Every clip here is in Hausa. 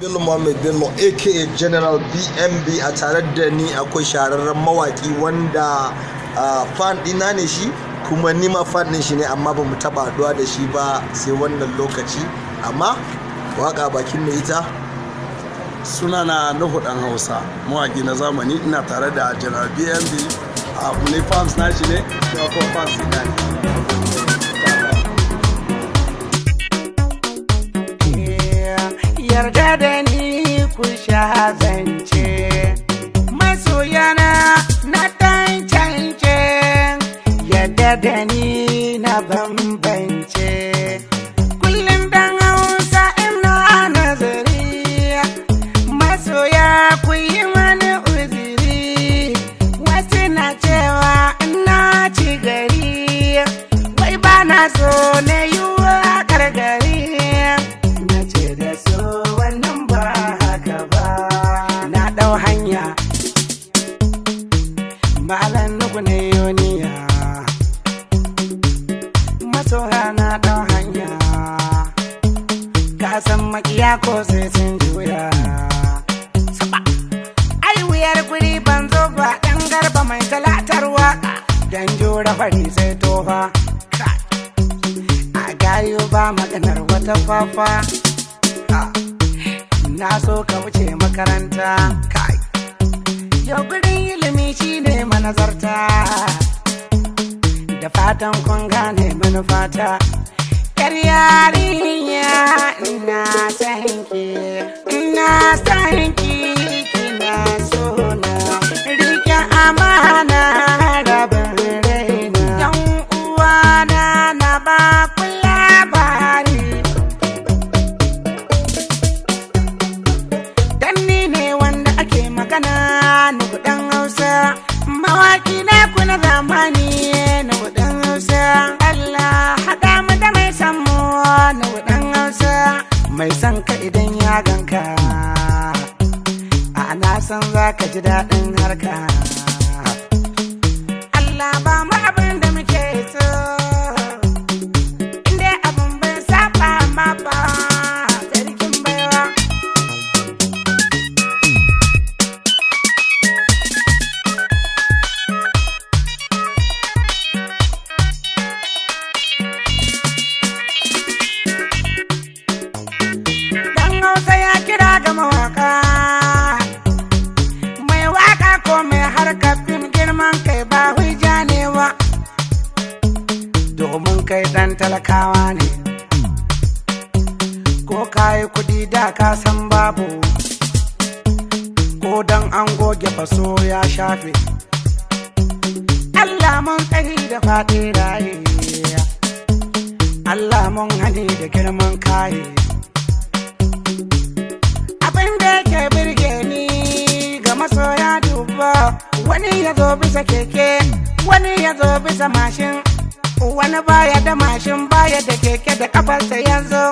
bill Mohammed Bello aka General BMB a tare da ni akwai shahararren mawaki wanda fan ɗina ne shi kuma nima fan din shi ne amma ba mu taɓa haɗuwa da shi ba sai wannan lokaci amma waka bakin mai ita suna na nuhu dan hausa mawaki na zamani ina tare da General BMB a fans na shi ne shi fans ne yarda da ni ku sha ya ko sai sun juya ai wuyar guri ban zo ba ɗan garba mai talatar dan jura fari sai tofa a gayo ba maganar wata fafa na so ka wuce makaranta kai yau gurin ilimi shine manazarta da fatan kun gane manufata yar ganka ana na san za ka ji daɗin harka Allah ba mu mawaka mai waka ko mai harka fim girman kai ba hujja ne domin kai dan talakawa ne ko kayi kudi da ka san babu ko dan an goge faso ya shafe Allah mun tsari da fati raye Allah mun hane da girman kaye so ya duba wani ya zo bisa keke wani ya zo bisa mashin wani baya da mashin baya da keke da kafarsa yanzu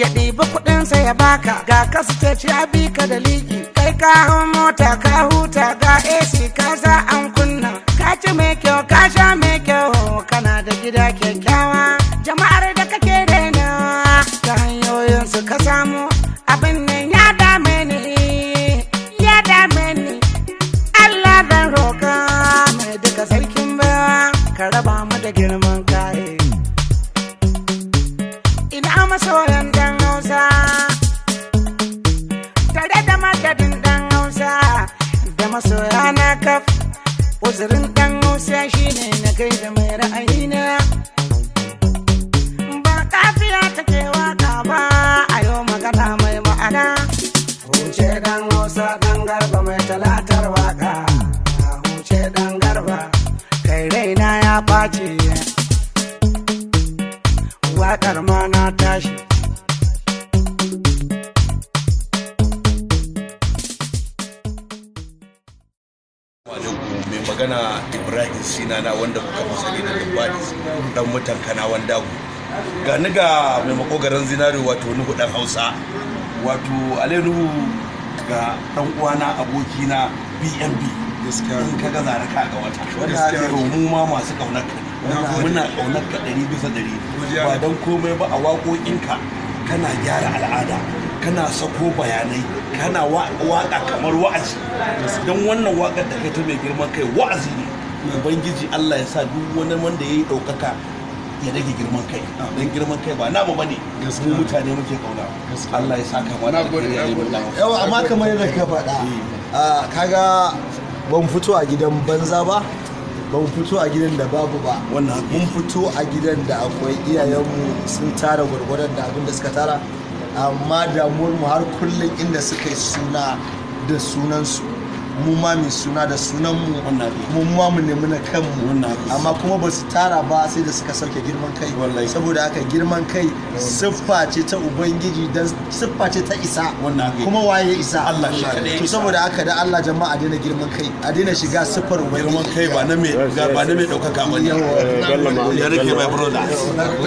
ya ɗibi kuɗinsa ya baka ga kasu ya bi ka da liki kai ka hau mota ka huta ga ac ka za an kunna ka ci mai kyau ka sha mai masoyan dan hausa tare da makadin dan hausa da masoya na kaf uzurin dan hausa shine na kai da mai ra'ayina ba kafiya take wa alaikum mai magana ibrahim sinana wanda kuka masani da dubbadis dan mutan kanawan dago ga ni ga mai makogaran zinari wato nuhu dan hausa wato alaihu ga dan uwana abokina bnb in ka gaza na ka ga wata mu ma masu kaunar ka muna kaunar ka ɗari bisa ɗari ba don komai ba a waƙoƙinka kana gyara al'ada kana sako bayanai kana waka kamar wa'azi don wannan waka da kai ta mai girman kai wa'azi ne ubangiji Allah ya sa duk wani wanda ya yi ɗaukaka ya rage girman kai don girman kai ba namu bane mu mutane muke kauna Allah ya sa ka ma da ya yi yawa amma kamar yadda ka faɗa kaga ban fito a gidan banza ba ban fito a gidan da babu ba mun fito a gidan da akwai iyayenmu sun tara gwargwaron da abin da suka tara amma damuwar mu har kullum inda suka yi suna da sunansu mu ma mai suna da sunan mu mu ma mu nemi na mu amma kuma ba su tara ba sai da suka sauke girman kai saboda haka girman kai siffa ce ta ubangiji dan siffa ce ta isa kuma waye isa Allah shi to saboda haka da Allah jama'a daina girman kai a daina shiga siffar wani. girman kai ba na me ba na mai daukaka ba ne ya rike mai brother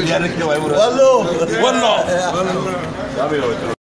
ya rike mai brother wallo wallo